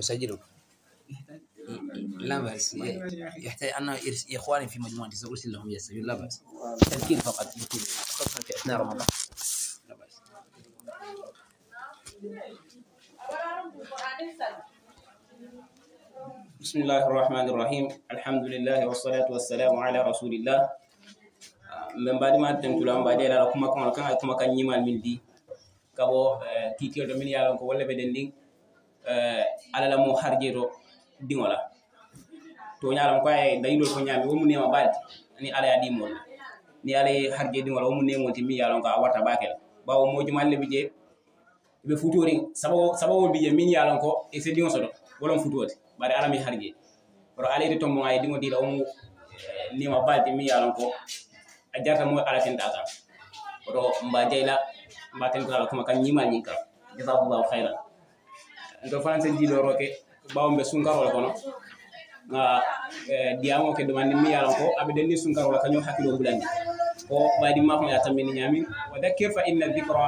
اسجله لا بس يحتاج أنا إخواني في مجموعة سأرسل لهم يسجل لا بس تذكير فقط يمكن خصوصا في أثناء رمضان لا بس بسم الله الرحمن الرحيم الحمد لله والصلاة والسلام على رسول الله من بعد ما أنتم تلام بعد لا كم كان كما كان يمال من دي kabo kikio eh, to min yalon ko wolle ɓeɗen ndin eh, alala mo harje to dingola to ñalon ko ay dañilol ko ñami womu nema balti ni alaya ɗimol ni ala harje dingola womu nemol timmin yalon ko a warta bakel bawo mojumalle bije ɓe futori sababo bije min yalon ko e se ɗigo soɗo wolon futoti bare alami harje oto alayti tombo ay e ɗigo dila womu eh, nema balti min yalon ko a jarta mo alatinɗa kan oto mba jeyla mba tenkorala kuma kan ñimal ñin kan jasakumullahu hayran nto faranse jiiloro ke bawo mbe sunkarol kono nga eh, diyamo ke domandi mi yalan ko aɓe denni sunkarol kañum hakkilo bulandi ko ɓaydi mafo ya tammini ñamin wa dakkir fa inna dicra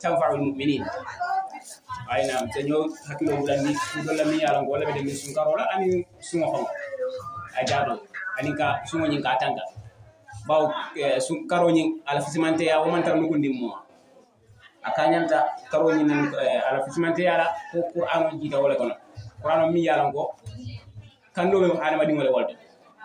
tanfau lmuminin aynam teño hakkilo bulandi kudolla mi yalan ko walla ɓe denni sunkarola anin suŋo kono a jaɗon anin ka suŋoñin ka tanka bawo sun karoñi ala fisimanteya womantar nukundin mo a kañanta karoñi nan ala fisimanteya la ko qur'anu jiita wole kono qur'anu mi yalan ko kanndo ɓe adamadiŋo le wolde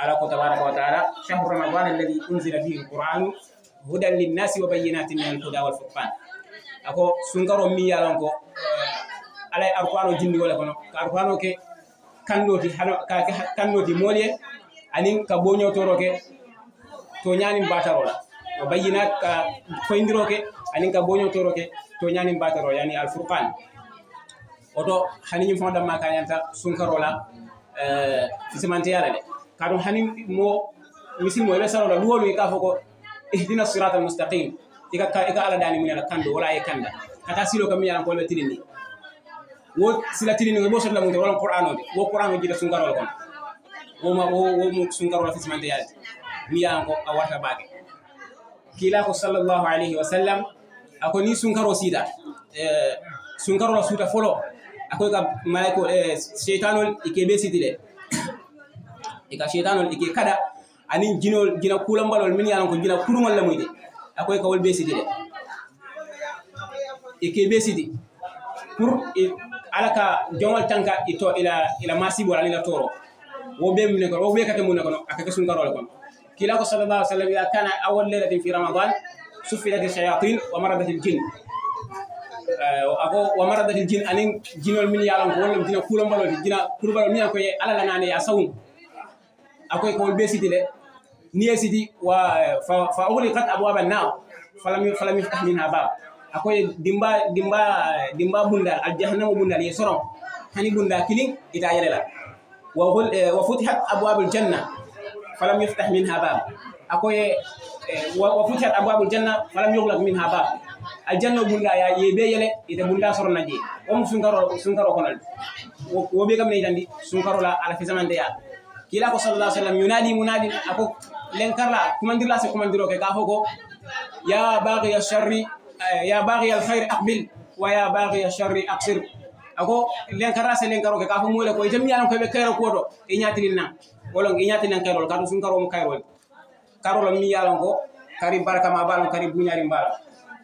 ala ko tabaraka wa taala shahru ramadan alladi unzila fihi alqur'anu hudan linnasi wa bayinatin min alhuda walfurqan ako sunkaro mi yalan ko eh, ala e alqur'ano jindi wole kono ko alqur'ano ke kanndoti kake kanndoti moolu ye aniŋ ka boñotoro ke to toñanin batarola o bayyinat ka foyndiro ke anin ka boñotoro ke toñanin batarola yani alfurqan oto hani ñin fonda ma kañanta sunkarola uh, eh, fisimanteyala de katum hani mo misilmo ele sanola luwolu ka fo ko ihdina sirata almustaqim ika ika ala dani mun ala kando wala ye kanda kata silo kam yalan ko le tilini wo sila tilini wo sotla mun wala qur'ano de wo qur'ano jita sunkarola kon wo ma wo wo sunkarola fisimanteyala wiyango a warta baake kiilako sallallahu alayhi wa sallam ako ni sunkaro siita e, sunkarola suuta folo akoy ka malayko cheytanol e, ike ɓe siiti de ika cheytanol ike kada anin jinol jina kulambalol min yalan ko jina kurugol lamuyde akoy kawol ɓe siiti de ike ɓe siiti pour ala ka jomal tanka ito ila ila ala ila toro wo ɓe mune ko wo ɓe kake mune kono akake sunkarole kono kila ko sal llah sallam ida kana awal lailatin fi ramadan suffinat ilshayatin wa maradat iljin eh, ago wa maradat iljin anin jinol min yalanko wallam jina kulombaloti jina kulbalo minan koye alala nane ya sawum akoye kowol ɓe siti de niye siti wa fa ugliqat abwaba nar falam yuftah minha bab akoye dimba dimba dimba bunda aljahannamu bundal ye soron hani bunda kilin ita yelela eh, wa futihat abwabe ljanna falam yuftah minha bab akoye eh, wa futihat abwabul janna falam yughlaq minha bab aljanna bunda ya yebe yele ite bunda soro naje om sunkaro sunkaro konal wo be kam ne jandi sunkaro la ala fizamande ya kila ko sallallahu alaihi wasallam yunadi munadi ako lenkarla kumandirla se kumandiro ke gafo ko ya baghi sharri eh, ya baghi alkhair aqbil wa ya baghi sharri aqsir ako lenkara se lenkaro ke gafo mole ko jami'an ko be kero ko do e nyatirin wolon iñatinen kayrol kadu sun karomo kayrol karolo mi yalon ko kari barka ma balon kari buñari mbala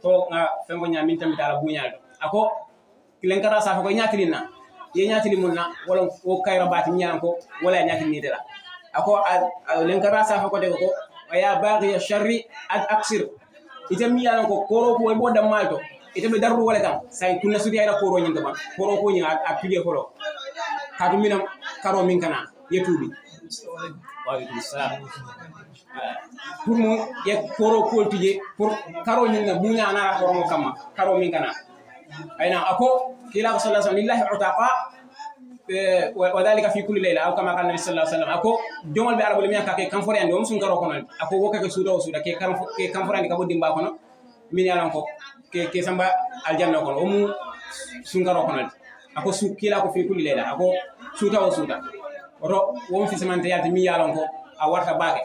to a fengo ña min tambita ala buñari ako lenkata safa ko iñatilinna ye ñatili mun na wolon o kayra bati mi yalon ko wala ñatilinide la ako lenkata safa ko dego ko aya baqiya charri ad aksir ite mi yalon ko koro ko e bo dammal to itemi darru wole kam say kunna sudi ayra koro ñin ga ma koro ko ñi a pige folo kadu minam karo min kana yetuɓi waaleykum pour mo ƴe koro koltuje pour karo ñinga muñanara koromo kamma karo min kana ayna ako kilaako sa sallam lillahi utaqa eh, wa dhalika fi kulli layla aw kama qala nabi sallallahu alaihi wasallam ako jomol be arabule miya kake kan forande on sun karo kono ako wo kake suuda suuda ke kan ke kan forande ka boddi kono min yalan ko ke ke samba aljanna kono o mu sun karo kono ako su ko fi kulli layla ako suuta o suuta oto won fisimante yalde mi yaalon ko a warta baake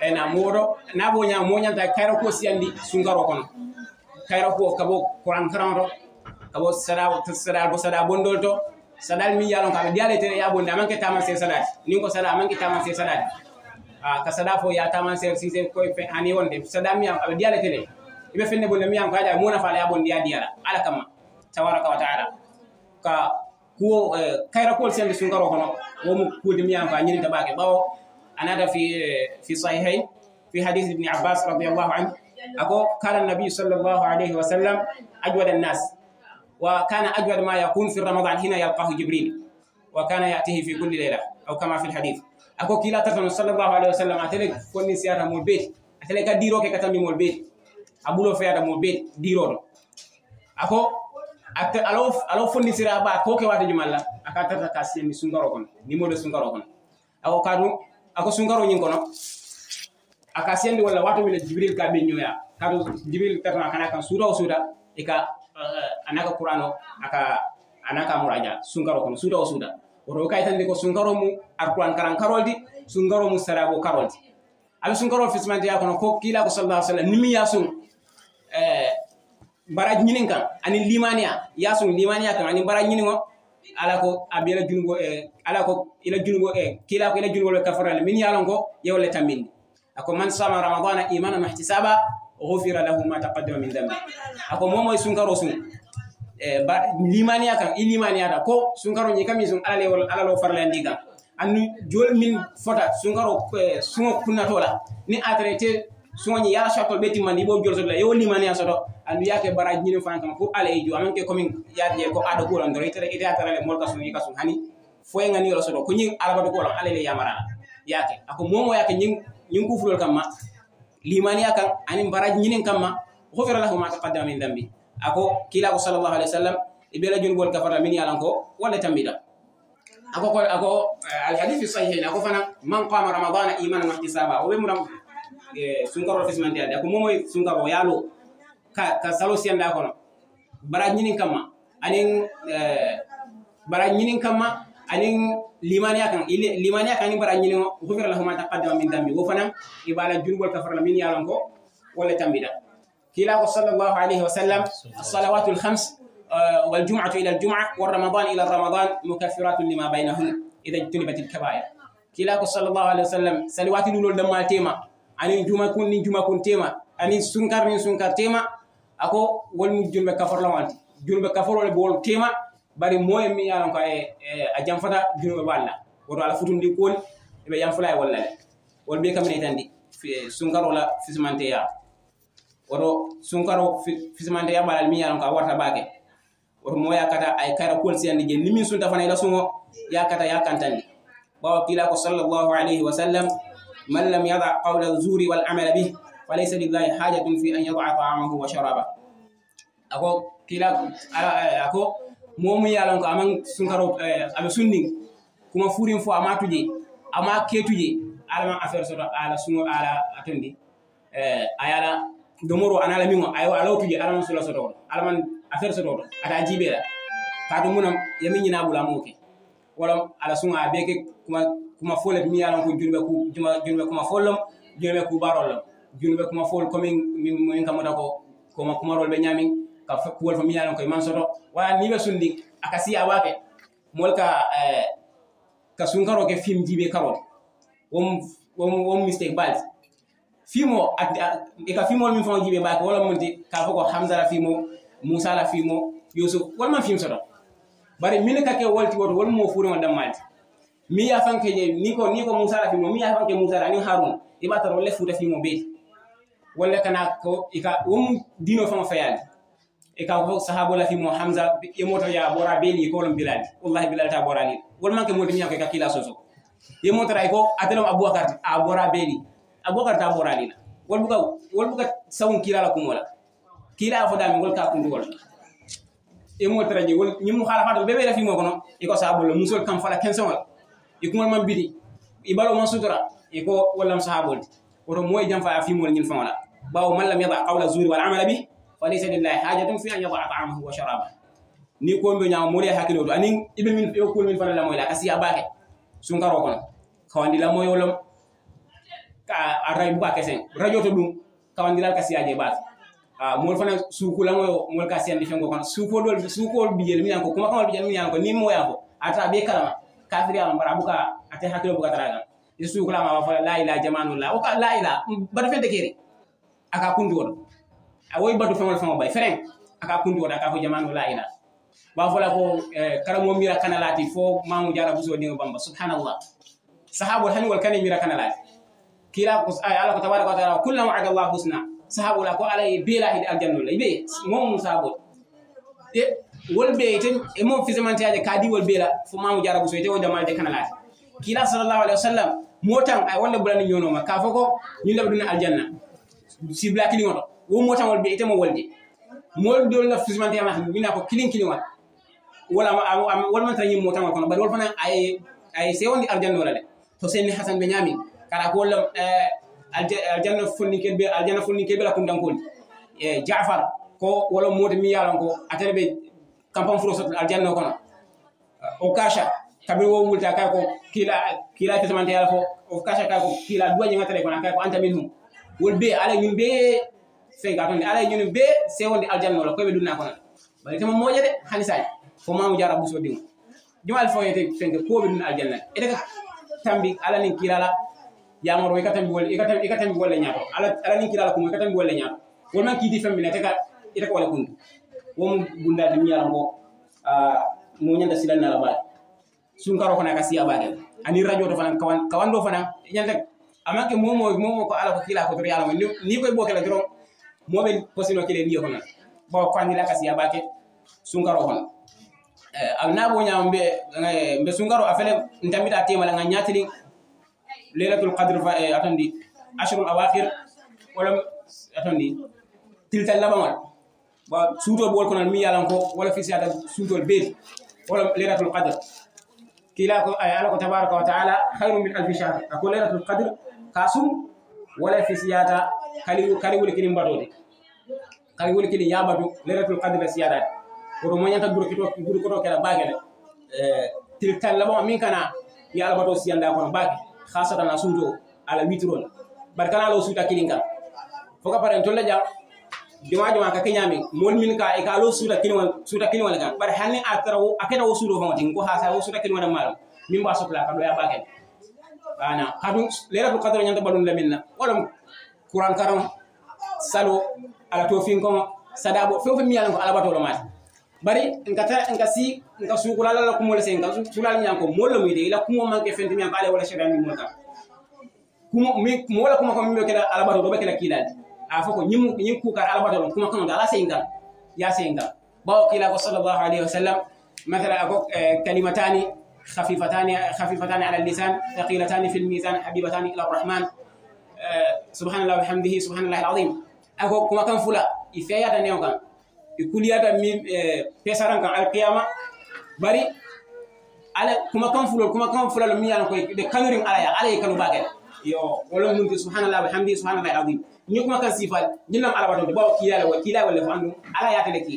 eyna mooɗo naabo ña moñanta kayra ko siyandi sunkaro kono kayra ko kabo coran karan to kabo saɗa saɗal ko saɗa bondol to saɗal mi yaalon ko aɓe ɗiyale tere ya bonde amanke taman se saɗaji nin ko saɗa amanke taman se saɗaji a ka saɗa fo ya taman se sise koye hani wonde saɗa miyam aɓe ɗiyale tere iɓe fenne bonde miyam ko haja mona faala ya bonde ya diyala ala kamma tabaraka wa taala ka kuwo kayra kol sembe sungaro hono womo kuudi miyama fa ñirinta baake ɓawo anata fi fi sahihayn fi hadith ibni abbas radiallahu anhu ako kala nabiyu sallllahu alayhi wa sallam ajwada annas wa kana ajwad ma yakun fi ramadan hina yalqahu jibril wa kana yatihi fi kulli leyla aw kama fi lhadith ako kila tatano sallllahu alayhi wa sallam atele konni siyata mol beeti atele ka diroke katammi mol beeti a ɓulo feyata mol beeti diroɗo ako ate alaw alaw ba ko ke wata jumalla aka tata ka siyami sungaro kon ni mo sungaro kono ako kadu ako sungaro nyin kono aka siyandi wala wata mi jibril ka be nyoya kadu jibril tata kana kan sura sura e ka uh, eh, anaka qur'ano aka anaka muraja sungaro kono sura sura woro kay tan ko sungaro mu alquran karan karoldi sungaro mu sarabo karoldi abi sungaro fismante ya kono ko kila ko sallallahu alaihi wasallam nimi eh baraji ñinin kan ani limaniya yasun limaniya kan ani baraji ñinin alako ala ko junugo e alako ila junugo e eh, eh, kila ko ila junugo le kafarale min yalon ko yewle tamin ako man sama ramadana imanan ihtisaba ghufira lahu ma taqaddama min dhanbi ako momo sun sunkaro sun e limaniya kan i limaniya da ko sunkaro karo ni sun alale le alalo lo ndiga ndi jol min fota sunkaro kunato la ni atraité soñi yala sotol beti man bo jor jol sotla e yo limane a soto andu yake baraji ñinen fan kama pour ala e jo amen ke ya yaade ko aɗa kuulan doro itere ite yatarale mol kasun yi kasun hani fo e nga ni soto ko ñin alabata kuulan ala le yamara ya ke ako momo ya ke yake ñin ñin fulol kam ma li ya kan anin baraji ñinin kam ma hofira lahu ma taqaddama min dambi ako kila ko sallallahu alaihi wasallam sallam e ɓeela bol kafara min yalan ko wala tambiɗa ako ko ako eh, alhadith fi sahihin ako fana man qama ramadana imanan ihtisaba o be mu muram sunkaro fismanti ade ko momoy sunkaro yalo ka ka salo sianda kono bara nyinin kama anin bara nyinin kama anin limaniya kan ile limaniya kan ni bara nyinin ko fira lahuma taqaddama min dambi wo fanan ibala junubol ka farla min yalon ko wala tambida kila ko sallallahu alaihi wasallam salawatul khams والجمعة إلى الجمعة والرمضان إلى رمضان مكفرات لما بينهن إذا اجتنبت الكبائر كلاك صلى الله عليه وسلم سلوات لول دمال تيما anin jumakun nin jumakun tema anin sunkar nin sunkar tema ako wolmi julɓe kafarla wanti julɓe kafarole bool tema bari moye mi yalan ko a e, janfata junuɓe bo allah woto ala futumndi kooni eɓe janfala e wallale won mbiye kamine tandi sunkar ola fisimanteya woto sunkar o fisimanteya ɓalal mi yalan ko a warta baake woto mo yakkata ay kara kool siyandi je ni min sunta fana ila sungo yakkata yakkantandi ɓawa kiila ko sallllahu alayhi wa sallam man lam yada qawla zuri wal amala bih falaysa lillahi hajatun fi an yadaa taamahu wa sharaba ako kila eh, ako momu yalan ko aman sunkaro eh, ame sunni kuma furin fo ama tuje ama ketuje alama affaire soto ala suno ala atendi eh ayala domoro anala mingo ayo ala tuje alama sulo soto alama affaire soto ada jibe la kadu munam yaminina bulamuke wala ala suno abeke kuma kuma fole mi yalan ko junɓe junɓe kuma follom junɓe kubarollam junɓe kuma fol komin min kamata ko ma kuma rol be nyami ka kuwol fo mi yalan ko man soto wa ni be sundi aka si a wake mol ka eh ka sun karo ke film karo wom wom wom mistake balti fimo ak e ka fimol min jibe ba ko wala monti ka fo hamza la fimo musa la fimo yusuf ma film soto bari min ka ke wolti woto wol mo ma dammalti mi yiya fanke je ni ko ni ko moussa la fimo mi yiya fanke moussa la ni harun i ɓa tara lefuuta fimo ɓeyi walla kana ko ika um dino fama fayali e ka sahabo la fimo hamsa e moto ya bora beli ko lon bilali wallahi bilali ta bora ni wol manke mo dimi akay ka kila soso e mo tara ko atelo abubakar a bora beli abubakar ta bora ni na wol buka wol buka sawun kila la kumola kila fo dami wol ka kundu wol e mo tara ni wol nimu khala fato bebe la fimo kono e ko sahabo la musol kam fala kenson wala i kuŋol maŋ biti i baloo maŋ sutura i ko wallam sahaabol ti woto moo ye janfa a fiimol la bawo man lam yada qawla zuri wal amala bi fa laysa lillahi hajatun fi an yada taamahu wa sharaba ni ko mbe ñaama mo le hakkiloo do anin i min yo ko min fana lamoyi la a ka siya baake sunkaroo kono kawandi moy wolam ka a bu buka keseŋ radio to dum kawandilal la kasiya je baake moolu fana suuku lamoyo moolu ka siyandi feŋgo kono suukool suukool bijel min yan ko kumakaŋol bijel min yan ko niŋ moo yan ko ata be bee kalama kafiriyama bara buka ate hakkilo bukataragan yesuuklama wafa laila jamanulla woka laila mm, batu fente keri aka kundi wota awoy batu feŋol feŋo bay fereŋ aka kundi wota aka fo jamanu laila wafola ko eh, karamo mira kanalati fo mamu jarabuso diŋo bamba subhanallah sahabol hañugol kane mira kanalati kila eh, ala ko tabaraka wa taala kullama ada llahu husna sahabola ko alaye belahide aljannulla ibe mom sahabol wolbe ten e mo fisamante aje kaadi wolbe la fo mamu jarabu so ite wo damalde kana laati kila sallallahu alayhi wa sallam mo tan ay wolle bulani ñonoma ka foko ñu ndaɓa duna aljanna sibla kiliŋoto wo mo tan wolbe ite mo wolde mol dolla fisamante ma mina ko kiliŋ kiliŋa wala wolmantara ñim mo tan wa kono bari wol fana ay ay se wonde aljanna wala de to senni hasan ɓe ñamin kara ko wolla eh, aljanna fonnike aljanna fonnike ɓe la kundankoli e eh, jafar ko wolo mote mi yalon ko atere ɓe kampung sot al janno kono o kasha kabir wo wulta kay ko kila kila samante yalla fo o kasha kay ko kila duwa nyanga tare kono kay ko anta minhum wol be ala nyum be fe gaton ala nyum be se wonde aljanna lo ko be dunna kono bari tama moje de hanisay ko mamu jara buso dingo jumal fo yete fenke ko be dunna janna e daga tambi ala nin kila la yamoro e katam wol e katam e katambi wol nyaato ala ala nin kila la ko katam e katambi nyaato wol man di te ka ko wala kundu wong bunda demi ala a mo da silan na ba sun karo kana kasi abade ani radio do fanan kawan kawan do fana nyanda amake momo momo ko ala ko kila ko to yalla ni koy la dron mo be posino kele ni hono bo ko ani la kasi abake sun karo hono na bo nya mbé mbé sun karo afele ndamita tema la nyatili lailatul qadr fa eh, atandi ashrul awakhir wala atandi labamal ba suutol bool ko nan mi yalan ko wala fi siyata suutol beet wala leratul qadr kila ko ay ala ko tabaraka wa taala khairum min alfi shahr ako leratul qadr kasum wala fi siyata kali kali wuli kini mbado de kali wuli kini yabadu leratul qadr la siyata ko do moñata buru kito buru ko to kala bagale euh til tan labo min kana ya ala bato siyanda ko baake khassatan na suuto ala 8 rol barkala lo suuta kilinga foka paren tolla jaa joma joma ka kenyami mol min ka e ka lo suta kini wan suta kini bar hanni akara wo akeda wo sudo fama ko ha sa wo suta kini wan mal min ba sokla ka do ya baken bana kadu lera ko kadro nyanta balun laminna wala kuran karam salo ala to ko sadabo fofu fe yalan ko ala batolo mati bari nka tara nka si nka sukula la ko mol sen ka sulal nyan ko mol mi de ila kuma manke fenti mi an bale wala shedan mi mota kuma mi mola kuma ko mi be kala ala batolo be kala kilati a foko ñiñiŋ kuukar alabato lo kuma kanonto ala seyingal ya seyingal bawo kiilako salallahu alayhi wa sallam matala ako e, kalimatani khafifatani khafifatani ala llisan taqilatani fi lmisan habibatani ila rrahman e, subhanallah bihamdihi subhanallahi alazim ako kuma kan fula i feyata neo kan i kuliyata mi e, pesaran kan alqiyama bari ala kuma kan fulol kuma kan fulalo mi yalan koy de kanurin alaya alaye kanu bagele yo wala mun ti subhanallah walhamdi subhanallah alazim ni kuma kan sifal ni nam alaba to bawo kila wala kila wala fa andu ala ya tele ki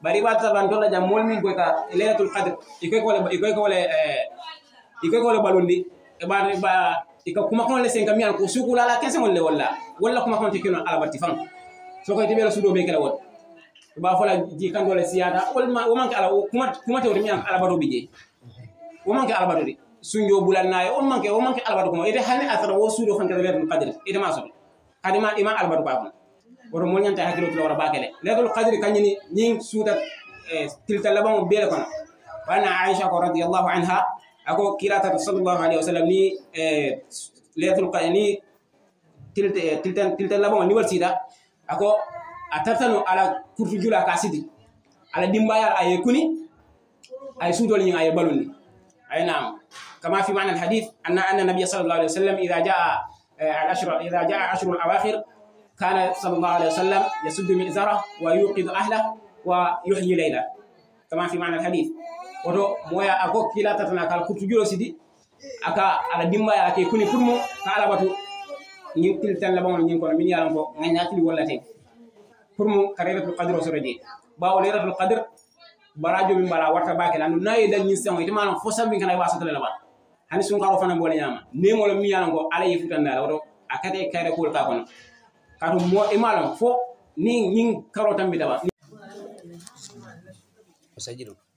bari ba ta ban tola jam mol min goita lailatul qadr ikoy ko wala ikoy ko wala eh ikoy ko wala balundi e ba e ba iko e kuma kon le sen kam yan ko suku la la kesen wala wala wala kuma kon ti kino alaba ti fam so ko tebe la sudo be kala wala e ba fola ji kan dole siyata wala man ala kuma kuma tewri mi alaba do bije o man ka alaba do suño bulalnayo on manque o manque albadu kom ede hane asara wo suuɗo fan kede weeran kadiri ede ma soɓe kadi ma ɗima albadu bakon woto moñanta e hakkilo tula wara bakele leegol kadiri kañini ñin suuta e, tilta laɓamo beele kono wanna aicha ko radiallahu anha ako kiratat salllahu alayhi wa sallam ni e, letol ni tilta laɓamo ni war siida ako a tartano ala kurtu jula ka sidi ala ɗimbayal aye kuni aye suutol ñin aye balundi ayenamo كما في معنى الحديث ان ان النبي صلى الله عليه وسلم اذا جاء آه، العشر اذا جاء عشر الاواخر كان صلى الله عليه وسلم يسد مئزره ويوقظ اهله ويحيي ليلا كما في معنى الحديث ودو مويا اكو كيلا تتنا قال كنت جلو سيدي اكا على ديما يا كي كوني كومو قال باتو ني كيل تن لا بون ني كون مين يالام فو ناي ناتلي ولا تي كومو كاريرت القدر وسردي باو ليرت القدر براجو من بلا ورتا باكي لانو ناي دا ني سيون يتمان فو سامي كان واسط لا بات hani sunkaro fana bole ñama nemolo mi yalan ko ala yifuta ndala woto a kate kayre kuol ka kono kato mo imalon fo ni ñin karo tambitaba usajili